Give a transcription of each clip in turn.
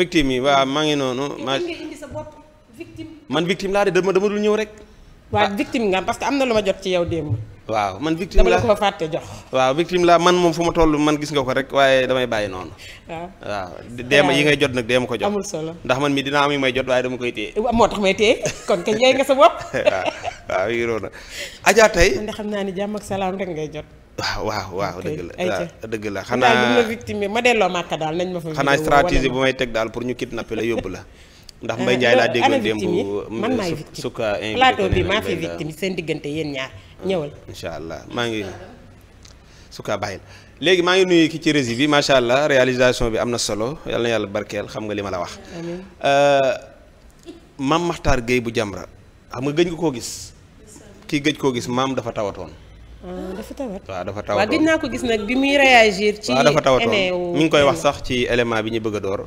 victime yi waaw maa ngi noonu. maa man victime laa de dama dama dul ñëw rek. waaw ah. victime nga parce que am na lu ma jot ci yow démb. waaw man victime la dama la ko fàtte jox. waaw victime la man moom fu ma toll man gis nga ko rek waaye damay bàyyi noonu. Ah. waaw waaw deema yi ngay jot nag deema ko jox. amul solo ndax man mi dina am yu may jot waaye dama koy téye. moo tax may téye kon kañ yaay nga sa bopp. waaw waaw yoroon na. Adja tey man de xam naa ni jàmm ak salaam rek ngay jot. Ah, waaw waaw waaw dëgg la waaw ah, dëgg la xanaa daal ma victime ma delloo màkka daal nañ ma fa. xanaa stratégie bu may teg daal pour ñu kidnappé la yóbbu la. ndax Mbaye Ndiaye ah, laa déggoon démb man euh, maay plateau bi maa fi victime seen diggante yéen ñaar ñëwal. incha allah maa ngi su bàyyil léegi maa ngi nuyu ki ci régie bi macha allah réalisation bi am na solo yàlla yàlla barkeel xam nga li ma la wax. amiin euh, maam Makhtar Gueye bu Jamra xam nga gëj nga koo gis. kii gëj koo gis maam dafa tawatoon. dafa ah, waaw dafa tawat waaw gis naa ko gis nag bi muy réagir. ci waaw dafa ngi koy wax sax ci élément bi ñu bëgg a door.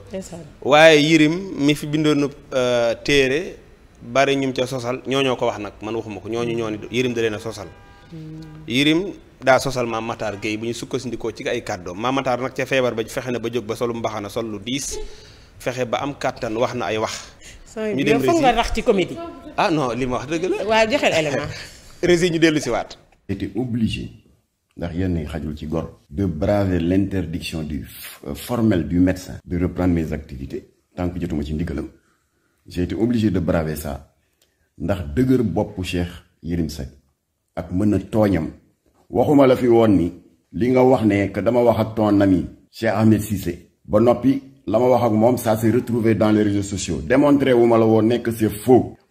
waaye Yirim mi fi bindoonu euh, téere bari ñum ca sosal ñooñoo ko wax nag man waxuma ko ñooñu ñoo ni Yirim da na a sosal. Hmm. Yirim daa sosal maam Matar Gueye bu ñu sukkandikoo ci ay kàddoom ma Matar nag ca feebar ba fexe na ba jóg ba solu mbaxana sol lu diis fexe ba am kàttan wax na ay wax. ñu dem rési ci comédie. Ah, li ma wax ñu dellu si waat était obligé ndax yenn yi xajul ci gor de braver l'interdiction du euh, formelle du médecin de reprendre mes activités tant jotuma ci ndigalam j'ai été obligé de braver ça ndax dëgër boppu Cheikh Yérim Seck ak mën na tooñam waxuma la fi woon ni li nga wax ne que dama wax ak ton ami Cheikh Ahmed Cissé ba noppi la ma wax ak moom ça s'est retrouvé dans les réseaux sociaux démontré wu ma la woon ne que c'est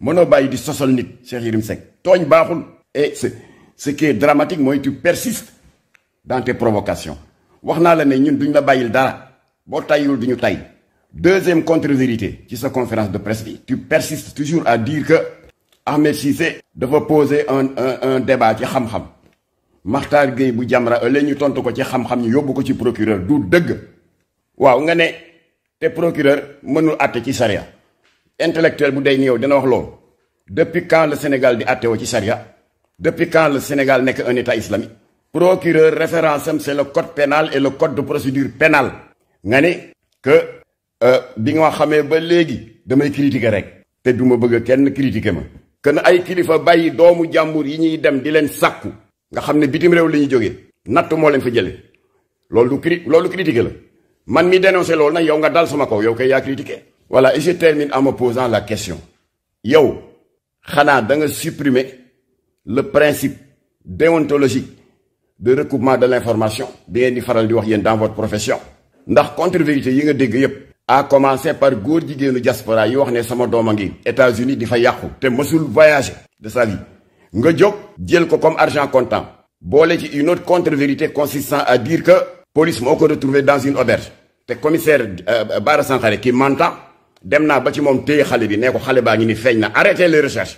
mënoo bàyyi di sosal nit Cheikh Yérim Seck tooñ baaxul ce qui est dramatique mooy tu persistes dans tes wax naa la ne ñun duñu la bàyyil dara boo tayyul duñu tay deuxième contre-vérité ci sa conférence de presse bi tu persistes toujours à dire que Ahmed Cissé dafa poser un un débat ci xam-xam Makhtar Gueye bu Jamra ëllëg ñu tontu ko ci xam-xam ñu yóbbu ko ci procureur du dëgg waaw nga ne te procureur mënul àtte ci charia intellectuel bu day ni yow dina wax loolu depuis quand le Sénégal di àtte woo ci charia Depuis quand le Sénégal nekk qu'un État islamique Procureur référence am c'est le code pénal le code de procédure pénale nga ne que euh, bi nga xamee ba léegi damay critiquer rek te du ma bëgg kenn critiquer ma que ay kilifa bàyyi doomu jàmbur yi ñuy dem di leen sàkku nga xam ne bitim réew la ñuy jógee natt moo leen fa jële loolu du loolu critiquer la man mi dénoncé loolu nag yow nga dal sama kaw yow kay yaa critiquer voilà et je termine en me posant la question yow xanaa da nga supprimer le principe déontologique de recoupement de l'information bi ngeen di faral di wax yéen dans votre profession ndax contre yi nga dégg yépp a commencer par góor jigéenu diaspora yi wax ne sama doom a ngi États-Unis di fa yàqu te mësul voyager de sa nga jóg jël ko comme argent comptant boole ci une autre contre-vérité consistant a dire que police moo ko retrouvé dans une auberge te commissaire euh, Bara Sankhare ki manta dem naa ba ci moom téye xale bi nee ko xale baa ngi ni feeñ na arrêtez les recherches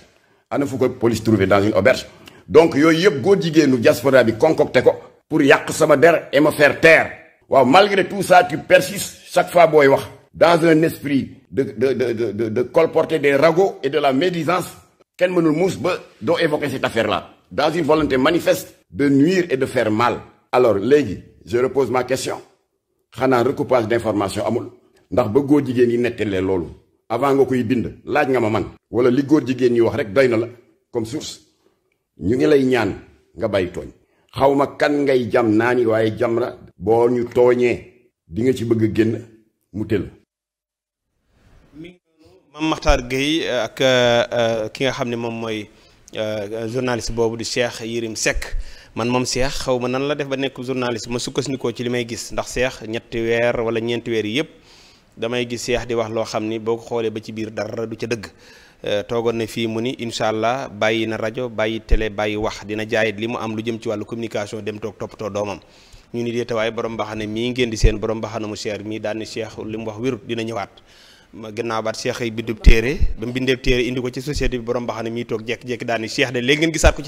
ana fu ko police trouvé dans une auberge donc yooyu yëpp góor jigéenu diaspora bi concocté ko pour yàq sama der et me faire taire waaw malgré tout ça tu persistes chaque fois booy wax dans un esprit de de de de de colporter des ragots et de la médisance kenn mënul muus ba doo évoquer cette affaire là dans une volonté manifeste de nuire et de faire mal alors léegi je repose ma question xanaa recoupage d'information amul ndax ba góor jigéen yi nettalee loolu avant nga koy bind laaj nga ma man wala li góor jigéen ñi wax rek doy na la comme source ñu ngi lay ñaan nga bàyyi tooñ xaw ma kan ngay jam naa ni waaye Jamra boo ñu tooñee di nga ci bëgg génn mu tël Mame maxtaar Gueye euh, ak euh, ki nga xam ne moom mooy euh, journaliste boobu di Cheikh Yérim Seck man moom Cheikh xaw ma nan la def ba nekk journaliste ma sukkandikoo ci li may gis ndax seex ñetti weer wala ñeenti weer yëpp damay gis seex di wax loo xam ni boo xoolee ba ci biir dara du ca dëgg euh, toogoon na fii mu ni incha allah bàyyi na rajo bàyyi télé bàyyi wax dina jaayit li mu am lu jëm ci wàllu communication dem toog toppatoo doomam ñu ni deetawaay borom mbaxane mii ngeen seen borom mbaxane mu seer mii daal ni li mu wax wirut dina ñëwaat gannaaw baat seex ay bindub téere ba mu bindeeb indi ko ci société bi borom mbaxane mii toog jekki-jekki daal ni seex de léegi ngeen gisaat ko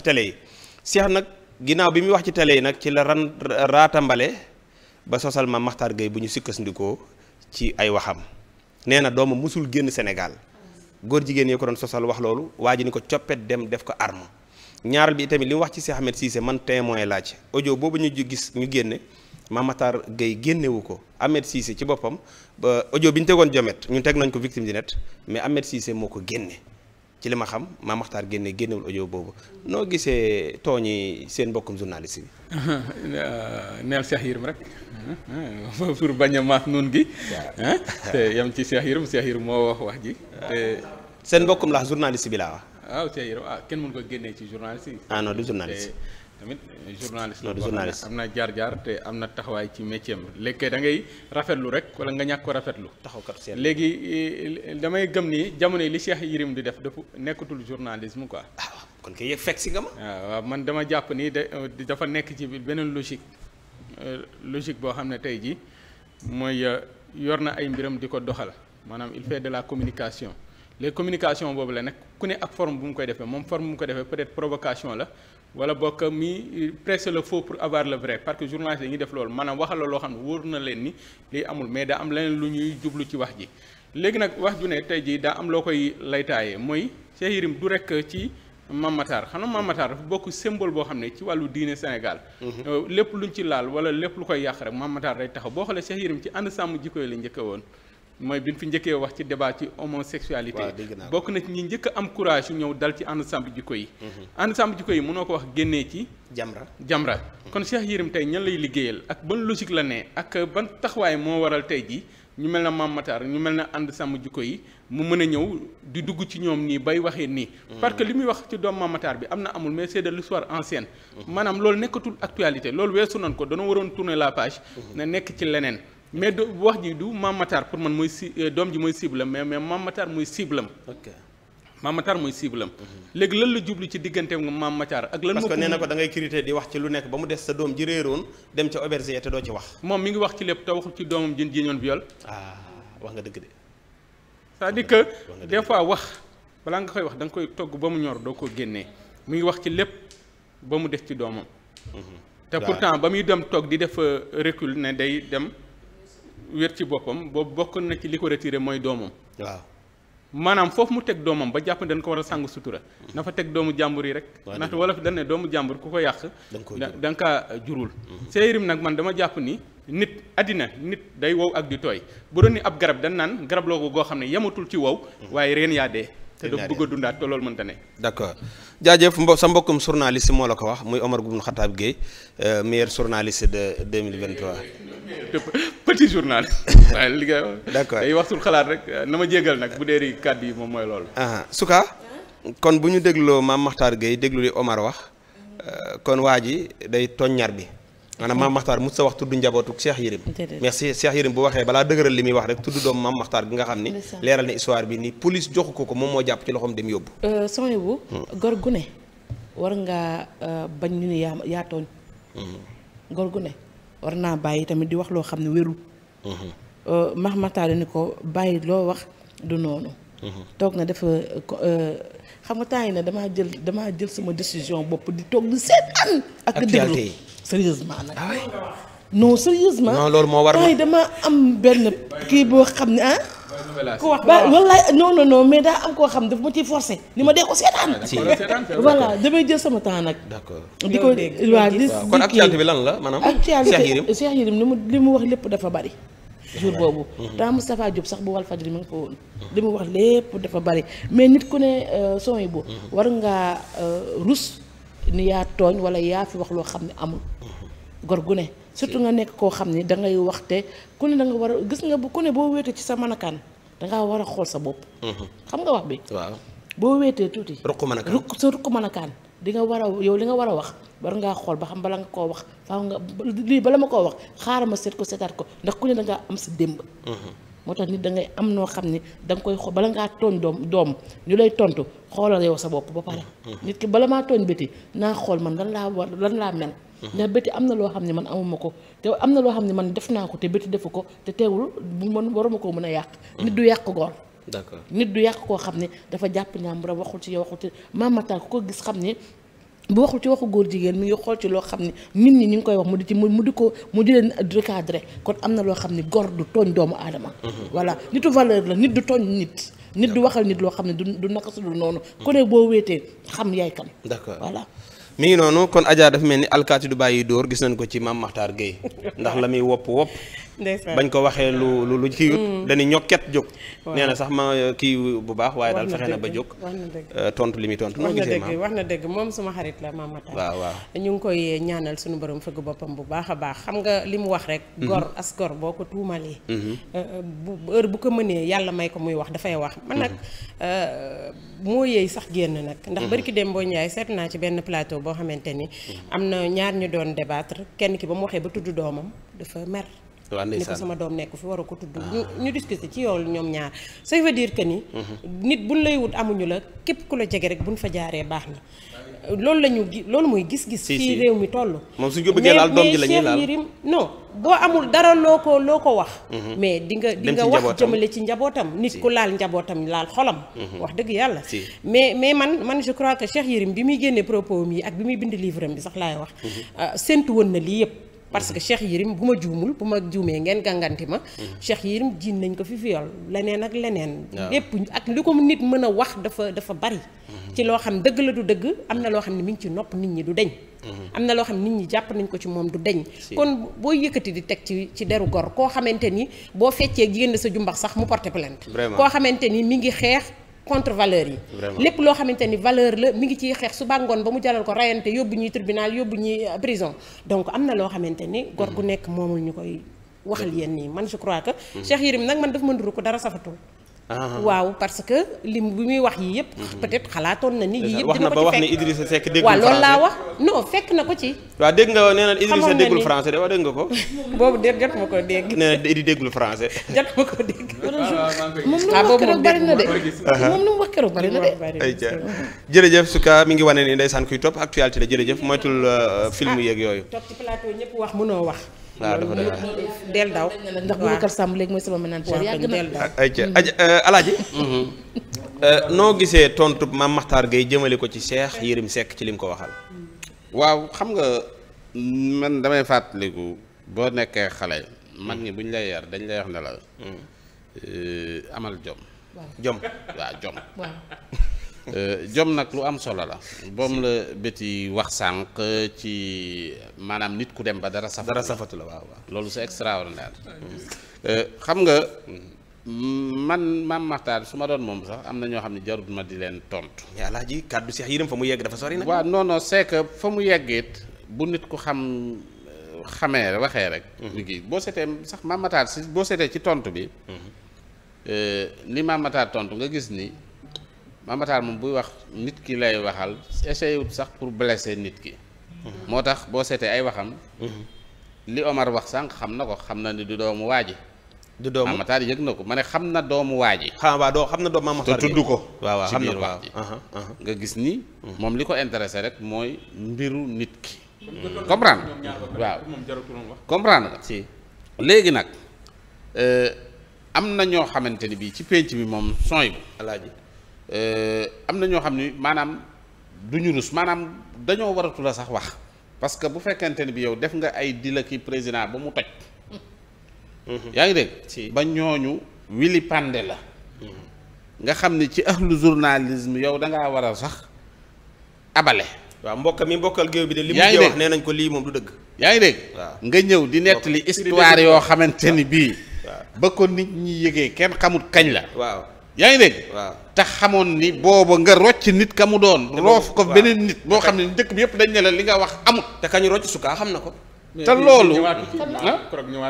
nag ginnaaw bi muy wax ci télé yi nag ci la ran raatambale ba sosal ma maxtar gay bu ñu sikkasndikoo ci ay waxam nee na doomam musul génn senegal góor jigéen yi ko doon sosal wax loolu waa ji ni ko coppet dem def ko arme ñaaral bi itamit li mu wax ci Cheikh Ahmed Cissé man témoin laa ci audio boobu ñu gis ñu génne Mame Matar Gueye génnewu ko Ahmed ci boppam ba audio bi ñu tegoon jomet ñun teg nañ ko victime di net mais Ahmed Cissé moo ko génne ci li ma xam Mame Matar génne génnewul audio boobu noo gisee tooñi seen mbokkum journaliste bi. neel Cheikh Yérim rek. pour bañ a maas noonu gi. waaw te yam ci Cheikh Yérim Cheikh Yérim moo wax wax ji. te seen mbokkum la journaliste bi laa wax. waaw Cheikh ah kenn mën ko génnee ci journaliste yi. ah non tamit eh, journaliste la journaliste am na jaar jaar te am na taxawaay ci métier am léegi da ngay rafetlu rek wala nga ñàkk ko rafetlu. taxaw kat seen léegi eh, damay gëm ni jamono yi li Cheikh Yérim di def dafa nekkatul journalisme quoi. ah kon kay si nga ma. Ah, waaw man dama jàpp ni eh, dafa nekk ci beneen logique. Euh, logique boo xam ne tey jii mooy euh, yor na ay mbiram di ko doxal maanaam il fait de la communication les communication boobu la nag ku ne ak forme bu mu koy defee moom form bu mu ko defee peut-être provocation la wala bokk mi presse le faux pour avoir le vrai parce que journaliste dañuy def loolu maanaam waxal la loo xam ne wóor na leen ni lii amul mais daa am leneen lu ñuy jublu ci wax ji léegi nag wax ju ne tey jii daa am loo koy laytaaye mooy Cheikh Yérim rek ci. Mame Matar xanaa Mame Matar dafa bokk symbole boo xam ne ci wàllu diine Sénégal. Mhm. Euh, lépp luñ ci laal wala lépp lu koy yàq rek Mame Matar day taxaw boo xoolee Cheikh Yérim ci ànd sàmm jikko yi woon. mooy bi ñu fi wax ci débat ci homosexualité bokk na ci ñi njëkk a am courage yu ñëw dal ci ànd sàmm jikko yi mhm. ànd sàmm jikko yi mënoo ko wax génnee ci jamra jamra kon Cheikh Yérim tey ñan lay liggéeyal ak ban logique la ne ak ban taxawaay moo waral tey ji ñu mel na Mame Matar ñu mel na ànd sàmm jikko yi mu mën a ñëw di dugg ci ñoom nii bay waxee nii. Mm. parce que li muy wax ci doom Mame Matar bi am na amul mais c'est de l'histoire ancienne. Mm. maanaam loolu nekkatul actualité loolu weesu nañ ko dana waroon tourner la page. Mm-hmm. na nekk ci leneen. mais do wax ji du Mame Matar pour man mooy si euh, doom ji mooy cible mais mais Mame Matar mooy cible Mame Matar mooy cible léegi lan la jublu ci diggante Mame Matar ak lan parce que nee na ko da ngay di wax ci lu nekk ba mu des sa doom ji réeroon dem ca auberge te doo ci wax moom mi ngi wax ci lépp te waxul ci doomam jën jiñoon viol ah wax nga dëgg de cest que des fois wax balaa koy wax da nga koy togg ba mu ñor doo ko génnee mu wax ci lépp ba mu des ci doomam mhm. te pourtant ba muy dem toog di def euh, recul ne day dem wér ci boppam boobu bokk na ci li ko retiré mooy doomam waaw maanaam foofu mu teg doomam ba jàpp ne dañ ko war a sàng sutura na fa teg doomu jàmbur yi rek ndaxte wolof dañ ne doomu jàmbur ku ko yàq da nga kaa jurul séerim nag man dama jàpp ni nit àddina nit day wow ak di tooy bu doon ni ab garab dañ naan garab loogu goo xam ne yematul ci wow waaye reen yaa dee te doo bëgg dundaat te loolu mënta ne. d' accord jaajëf mbo sa mbokkum journaliste moo la ko wax muy Omar Goubou Khatab Gueye euh, meilleur journaliste de 2023. petit journal. waaye li nga d' accord day wax xalaat rek euh, na ma jégal nag bu dee ri kàddu yi moom mooy loolu. Ah, suka kon bu ñu dégloo maam Makhtar Gueye déglu li Omar wax euh, kon waa ji day toññar bi. maanaam maam maxtaar mu sa wax tudd njabootu Cheikh Yérim mais Cheikh Yérim bu waxee balaa dëgëral li muy wax rek tudd doomu maam maxtaar bi nga xam ni leeral na histoire bi ni police joxu ko ko moom moo jàpp ci loxoom dem yóbbu euh, soxna bu hmm. gor gu ne war ngaa euh, bañ ñu ne yaa tooñ hmm. gor gu ne war naa bàyyi tamit di wax loo xam ne wérul max hmm. euh, maxtaar ni ko bàyyi loo wax du noonu toog na dafa xam nga temps yi na damaa jël damaa jël sama décision bopp di toog di seetaan ak déglu sérieusement nag. Ah non sérieusement. non loolu moo war ma dama am benn kii boo xam ne ah. ko wax ba wallaay non non non mais daa am koo xam ne dafa ma ciy forcé ni ma dee ko seetaan. voilà damay jël sama temps nag. d'accord di ko waaw di kon actualité bi lan la maanaam. Cheikh Yérim Cheikh Yérim li mu li mu wax lépp dafa bari. jour boobu temps mhm. Moustapha Diop sax bu wal faj fajri ma nga fa woon li mu wax lépp dafa bari mais nit ku ne euh, son yi bu mhm. war nga euh, rus. ni yaa tooñ wala yaa fi wax loo xam ne amul gor gu ne surtout nga nekk koo xam ne da ngay wax te ku ne da war a gis nga bu ku ne boo wéetee ci sa manakaan da ngaa war a xool sa bopp. Mhm. xam nga wax bi. waaw boo wéetee tuuti. ruq manakaan ruq sa ruq manakaan di nga war a yow li nga war a wax war ngaa xool ba xam bala nga koo wax faaw nga lii bala ma koo wax xaaral ma seet ko seetaat ko ndax ku ne da ngaa am sa démb. Mhm. moo tax nit da ngay am noo xam ne danga koy xo bala ngaa tooñ doom doom ñu lay tontu xoolal yow sa bopp ba pare. Mm-hmm. nit ki bala maa tooñ bëti naa xool man lan laa war lan laa mel. Mm-hmm. ndax bëti am na loo xam ne man amuma ko te am na loo xam ne man def naa ko te bëti defu ko te teewul bu man waruma koo mën a yàq. nit du mm-hmm. yàq góor. d'accord nit du yàq koo xam ne dafa jàpp ñaam bu waxul ci yow waxul ko maam ko gis xam ne. bu waxul ci waxu góor jigéen mi ngi xool ci loo xam ne nit ñi ñu ngi koy wax mu di ci mu di ko mu di leen recadré kon am na loo xam ne gor du tooñ doomu aadama mhm. voilà nitu valeur la nit du tooñ nit nit du waxal nit loo xam ne du du naka su noonu ku ne boo wéetee xam yaay kam d'accord voilà mi ngi noonu kon Adja dafa mel ni alkaati du bàyyi dóor gis nañ ko ci maam maxtaar Gueye ndax la muy wopp wopp bañ ko waxee lu lu lu kiiwut mm. dañu ñokket jóg nee na sax ma euh, kii bu baax waaye daal fexe na ba jóg euh, tontu li muy tontu noo gisee maam wax na dëgg moom suma xarit la maam Matar waaw waaw ñu ngi koy ñaanal suñu borom fëgg boppam bu baax a baax xam nga li mu wax rek mm-hmm. gor boo ko tuumalee mm-hmm. euh, bu heure bu ko mënee yàlla may ko muy wax dafay wax man nag mm-hmm. moo yeey sax génn nag ndax ki dem boo Njaay seet naa ci benn plateau boo xamante ni am na ñaar ñu doon débattre kenn ki ba mu waxee ba tudd doomam dafa mer ni ko sama doom nekk fi war a ko tudd ah. ñu ñu discuter ci yow ñoom ñaar ça veut dire que ni mhm. nit buñ lay wut amuñu la képp ku la jege rek buñ fa jaaree baax na loolu la ñu gi loolu mooy gis-gis fii réew mi toll moom suñ ko bëggee laal doom ji la ñuy laal boo amul dara loo ko loo ko wax mhm. mais di nga di nga wax jëmale ci njabootam nit ku laal njabootam laal xolam mhm. wax dëgg yàlla mais mais man man je crois que Cheikh bi muy génnee propos mi ak bi muy bind livre am bi sax laay euh, woon na lii parce que Cheikh Yérim bu ma juumul bu ma juumee ngeen gànganti ma Cheikh Yérim jiin nañ ko fi viol leneen ak leneen lépp ak li ko nit mën a wax dafa dafa bari mhm. ci loo xam dëgg la du dëgg am na loo xam ne mi ngi ci nopp nit ñi du deñ mhm. am na loo xam nit ñi jàpp nañ ko ci moom du deñ kon boo yëkkati di teg ci ci deru gor koo xamante ni boo feccee jigéen sa jumbax sax mu porté plainte koo xamante ni mi ngi xeex contre valeur yi lépp loo xamante ni valeur la mi ngi ci xeex su bàngoon ba mu jaral ko rayante yóbbu ñuy tribunal yóbbu ñuy euh, prison donc am na loo xamante ni gor gu mhm. nekk moomul ñu koy waxal yéen nii man je crois que mhm. Cheikh Yérim nag man daf ma nduru ko dara safatul Ah. waaw parce que lim bi muy wax yii yëpp. Mhm. peut xalaatoon na ni yii yëpp. dina ko ci fekk wax na ba wax ne Idrissa Seck déggul na ko ci. waaw dégg nga nee na Idrissa déggul français de waaw ko. boobu de jot ma ko dégg. nee na Idi déggul ah, mu wax keroog bari na de. mi ngi wane ni ndeysaan kuy topp actualité la jërëjëf moytul euh, ah, film yeeg yooyu. toog ci plateau ñëpp wax mënoo wax. waaw dafa doy waar del daw ndax Boubacar Samb léegi mooy sama ménagère yàgg na ay ca mm. euh, alaaji mm-hmm. euh, noo gisee tontu ma maxtaar Gueye jëmale ko ci Cheikh Yérim sekk ci lim ko waxal mm. waaw xam nga man damay fàttaliku boo nekkee xale mag ñi bu lay yar dañ lay wax ne la mm. euh, amal jom jom waaw jom Euh, jom nag lu am solo la boom la bëti wax sànq ci maanaam nit ku dem ba dara safatu dara safatu la waaw loolu sa extraordinaire euh, xam nga man maam Maxtaar su ma doon moom sax am na ñoo xam ne jarut ma di leen tontu. yàlla ji kàddu Seex Yërim fa mu yegg dafa sori nag. waaw non non fa mu yeggit bu nit ku xam euh, xamee waxee rek. liggéey mhm. boo seetee sax maam si boo seetee ci tontu bi. Mhm. li maam tontu nga gis nii Mambatar moom buy wax nit ki lay waxal essayé sax pour blesser nit ki. moo tax boo seetee ay waxam. li Omar wax sànq xam na ko xam na ni du doomu waa ji. du doomu Mambatar yëg na ko ma ne xam na doomu waa ji. xam waa xam na doomu Mambatar te tudd ko. waaw waaw xam nga gis ni. moom li ko intéressé rek mooy mbiru nit ki. comprendre waaw comprendre nga. léegi nag euh, am na ñoo xamante ni bii ci pénc bi moom sooy bu Euh, am na ñoo xam ni maanaam du ñu rus maanaam dañoo waratu la sax wax parce que bu fekkente ni bi yow def nga ay dila ki président ba mu toj. Mhm. yaa ngi dégg. ba ñooñu wili pande la. nga xam ni ci ahlu journalisme yow da ngaa war a sax abale. waaw mbokk mi mbokkal géew bi de. yaa ngi dégg nañ ko lii moom du dëgg. yaa ngi nga ñëw di nettali histoire yoo xamante ni bii. ba ko nit ñi yëgee kenn xamut kañ la. waaw. yaa ngi dégg. waaw te xamoon ni booba nga rocc nit ka mu doon. roof ko beneen nit boo xam ne njëkk bi yëpp dañ ne la li nga wax amut. te kañu rocc sukaa xam na ko. te loolu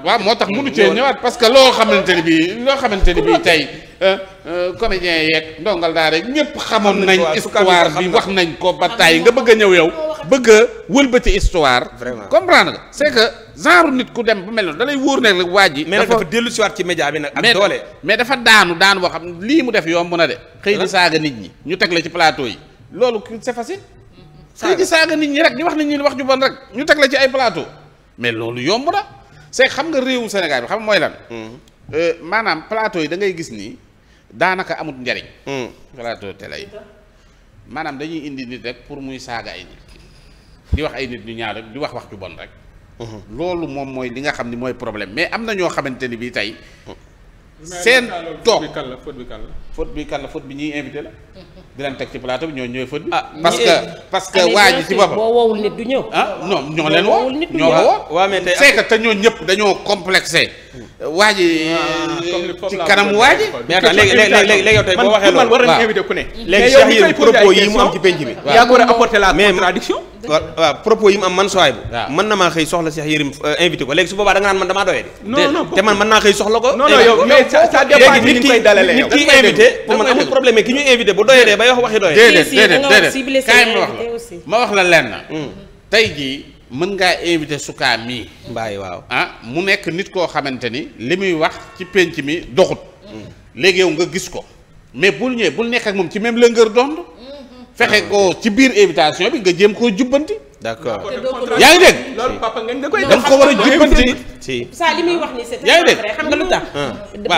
waaw moo tax mënu cee ñëwaat parce que loo xamante ni bii loo xamante ni bii tey eh, eh, comédien yeeg ndongal daara ñëpp xamoon nañ histoire bi wax nañ ko ba tàyyi nga bëgg a ñëw yow bëgg a wëlbati histoire. vraiment comprendre nga c' que genre nit ku dem bu mel noonu da wóor ne rek waa ji. dafa dafa dellu si ci média bi nag. ak doole mais dafa daanu daanu boo xam lii mu def yomb na de. xëy di saaga nit ñi ñu teg la ci plateau yi. loolu ku est facile. xëy di saaga nit ñi rek di wax nit ñi wax ju bon rek ñu teg la ci ay plateau. mais loolu yomb na c' xam nga réewu Sénégal bi xam mooy lan. Hmm. Euh, maanaam plateau yi da ngay gis nii daanaka amut njariñ hmm. plateau maanaam dañuy indi nit pour muy saaga ay di wax ay nit ñu wax wax rek. loolu moom mooy li nga xam ni mooy problème mais am na ñoo xamante ni bii tey. seen toog bi kan la faute bi kan la. faute la faute bi ñuy invité la. di leen teg ci plateau bi ñoo ñooy faute bi. ah parce que parce que waa ji ci boppam. boo wowul nit du ñëw. ah ñoo leen woo. ñoo woo waaw te ñoo ñëpp dañoo complexé. waa ah, ci kanam waa ji. mais attends léegi waxee loolu man war nañu invité ku ne. léegi Cheikh yi ci penc yaa ko war a apporter la contradiction waaw propos yi mu am man sowaay bu mën na maa xëy soxla Cheikh Yérim euh, invité ko léegi su boobaa da naan man damaa doyee te man mën naa xëy soxla ko léegi nit ki nit ki invité pour man amul problème ki ñuy invité bu doyee bay wax waxi doyee kaay ma wax la ma leen hmm. tey jii mën ngaa invité sukaa mii mbaay waaw ah mu nekk nit koo xamante ni li muy wax ci pénc mi doxut hmm. léegi yow nga gis ko mais bul ñëwee bul nekk ak moom ci même longueur d'onde fexe ko ci biir invitation bi nga jéem koo jubbanti d'accord yaa ngi dégg. loolu da koy da nga ko war a jubbanti si saa li muy wax ni c'est yaa ngi dégg xam nga lu tax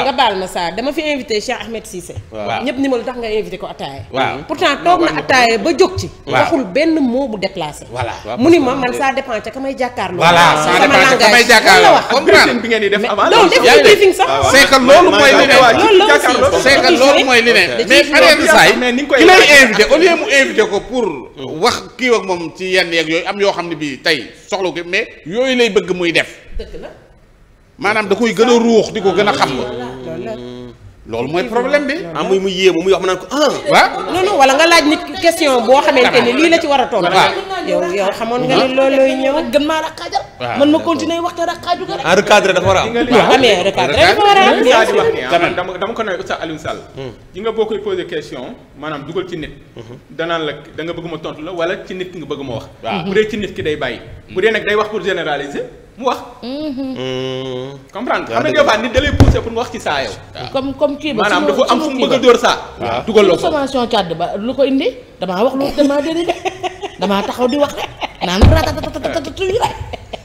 nga baal ma saa dama fi invité Cheikh Ahmed Cissé waaw ñëpp ni ma lu tax nga invité ko attaaye waaw pourtant toog wax comprendre bi ngeen di li ne c'est que loolu mooy li ne ki lay invité au mu invité ko pour wax kii ak moom ci yenn yeeg yooyu am yoo xam ne bii tey soxla ko mais yooyu lay bëgg muy def. maanaam da koy gën a ruux di ko gën a xam. nga loolu mooy problème bi. ah mu muy yéemu muy wax ma naan ko ah. waaw non wala nga laaj nit question boo xamante ni lii la ci war a tontu. waaw yow yow xamoon nga ni loolu man ma continuer wax te rakaaju nga rek. Ah, dafa war a am. waaw amee recadré dafa war a am. Ah, dama ko ne Oustaz Alioune Sall. ji hmm. nga boo koy posé question maanaam dugal ci nit. Hmm. danaan la da nga bëgg ma tontu la wala ci nit nga bëgg ma wax. waaw bu dee ci nit ki day bàyyi. Hmm. bu dee nag day wax pour généraliser. mu wax. Mm-hmm. comprendre xam nga des fois pour nga wax ci saa yow. comme comme kii ba maanaam dafa am fu mu bëgg la ko sommation càdd ba lu ko taxaw di wax rek naan ratatatatatu yi rek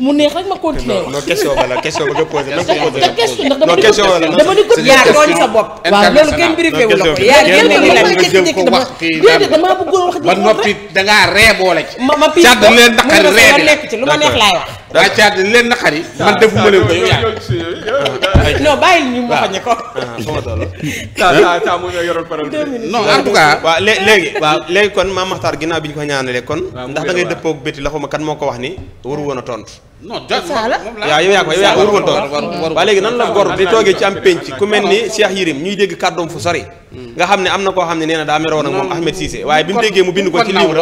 mu neex rek ma continuer non question ba la question ba nga ndax dama di ko bopp waaw loolu kenn briefé la ko yaa kenn dama jékki-jékki dama déedéet damaa dangaa ree boole ci ma ma pii ko ma nekk ci neex laay wax daa caat leen na xari man defuma leen ko yow yaa non bàyyil ñu ma xañe ko. Ah, ah, non en tout cas. waaw léegi waaw léegi kon Mame Makhtar ginnaaw bi ñu ko ñaanalee kon. ndax da ngay dëppoo ak bëtti la xuma kan moo ko wax ni waru woon a tontu. non jot waaw yow yaa ko yow ko waru toog waa léegi nan la gor di toogee ci am pénc ku mel ni Cheikh Yirim ñuy dégg kàddoom fu sori nga xam ne am na koo xam ne nee na daa meroon ak moom Ahmed Cissé waaye bi mu déggee mu bind ko ci livre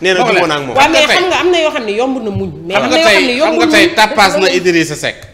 nee na juboon ak moom waaw xam nga am na yoo xam ne yomb na muñ am xam ne yomb na muñ xam nga tey tappaas na Idrissa Seck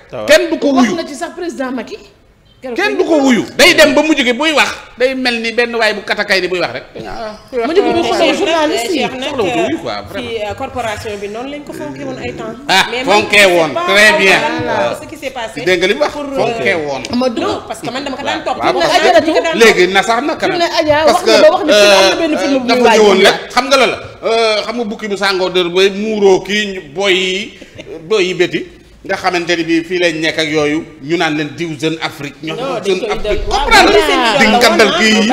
kenn du ko wuyu wax na ci sax ko wuyu day dem ba mu jógee buy wax day mel ni benn waay bu katakay di buy wax rek. waaw mujj gi bu xasee bi noonu lañ ko fonkee woon ay temps. ah fonkee woon très bien. ce qui s'est passé dégg nga li mu wax ma parce que man dama ko daan topp. waaw waaw léegi na sax na kanam. parce que dafa ñëwoon rek xam nga la la xam nga bukki bu sàngoo dër bay muuroo kii booy yi booy yi nga xamante ni bii fii lañ nekk ak yooyu ñu naan leen diw jeune Afrique ñoo xam jeune Afrique comprendre di ngandal kii yi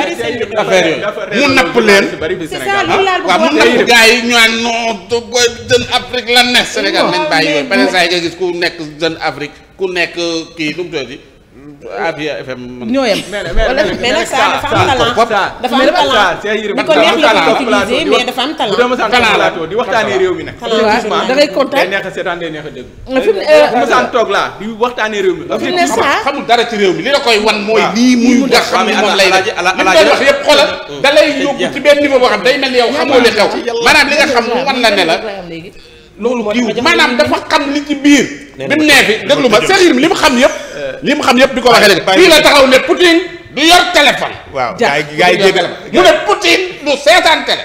affaire yooyu mu napp leen waaw mu napp gars yi ñu naan non booy jeune Afrique la ne Sénégal nañ bàyyi yooyu beneen saa yi nga gis ku nekk jeune Afrique ku nekk kii lu bi Afia ah, FM. ñoo yem wala mais nag saa dafa ni ko neex la ko utiliser mais dafa am talent. di waxtaanee réew mi nag. effectivement da ngay kontaan day neex a seetaan day neex a dégg. mu euh, saan toog laa di waxtaanee réew mi. effectivement xamul dara ci réew mi li la koy wan mooy. nii muy nga xam ne moom lay def mu doon xam day mu wan la ne la. loolu diw maanaam dafa xam li ci biir. bi mu nee fi déglu ma sëriñ li mu xam yëpp li mu xam yëpp di ko waxee rek fii taxaw ne Poutine du yor téléphone. waaw gars yi gars yi mu ne Poutine du seetaan télé.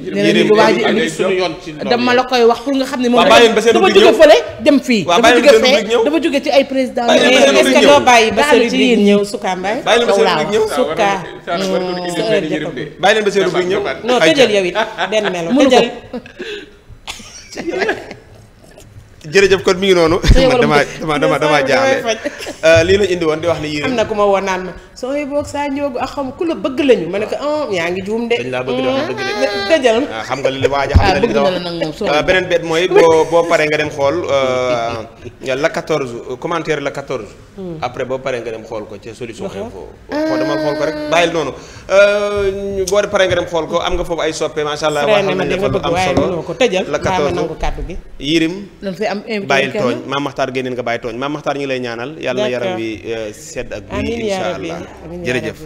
yéen a ngi suñu yoon ci dama la koy wax pour nga xam ne moom dafa jóge fële dem fii dafa jóge fee dafa jóge ci ay président mais est-ce que doo bàyyi Bassirou ci yéen ñëw Souka Mbaye wala Souka bàyyi leen Bassirou bi ñëw non tëjal yow it benn melo tëjal jërëjëf kon mi ngi noonu dama dama dama jaaxle lii lañ indi woon di wax ne yéen am na ku ma woon naan ma sooy boog saa ñoogu ak ah, xam ku la bëgg lañu ma ne ah, yaa ngi juum de. dañ laa ah, xam nga li waaja xam na li nga beneen bet mooy boo boo paree nga dem xool euh, la 14 commentaire la 14. Hmm. après boo paree nga dem xool ko ci solution info. xool dama xool ko rek bàyyil noonu euh, boo paree nga dem xool ko am nga foofu ay soppe macha allah. wax nañ ne fa lu am solo la 14 yirim bàyyil tooñ maam maxtaar génneen nga bàyyi tooñ maam maxtaar ñu lay ñaanal yàlla yaram wi euh, sedd ak bii jërëjëf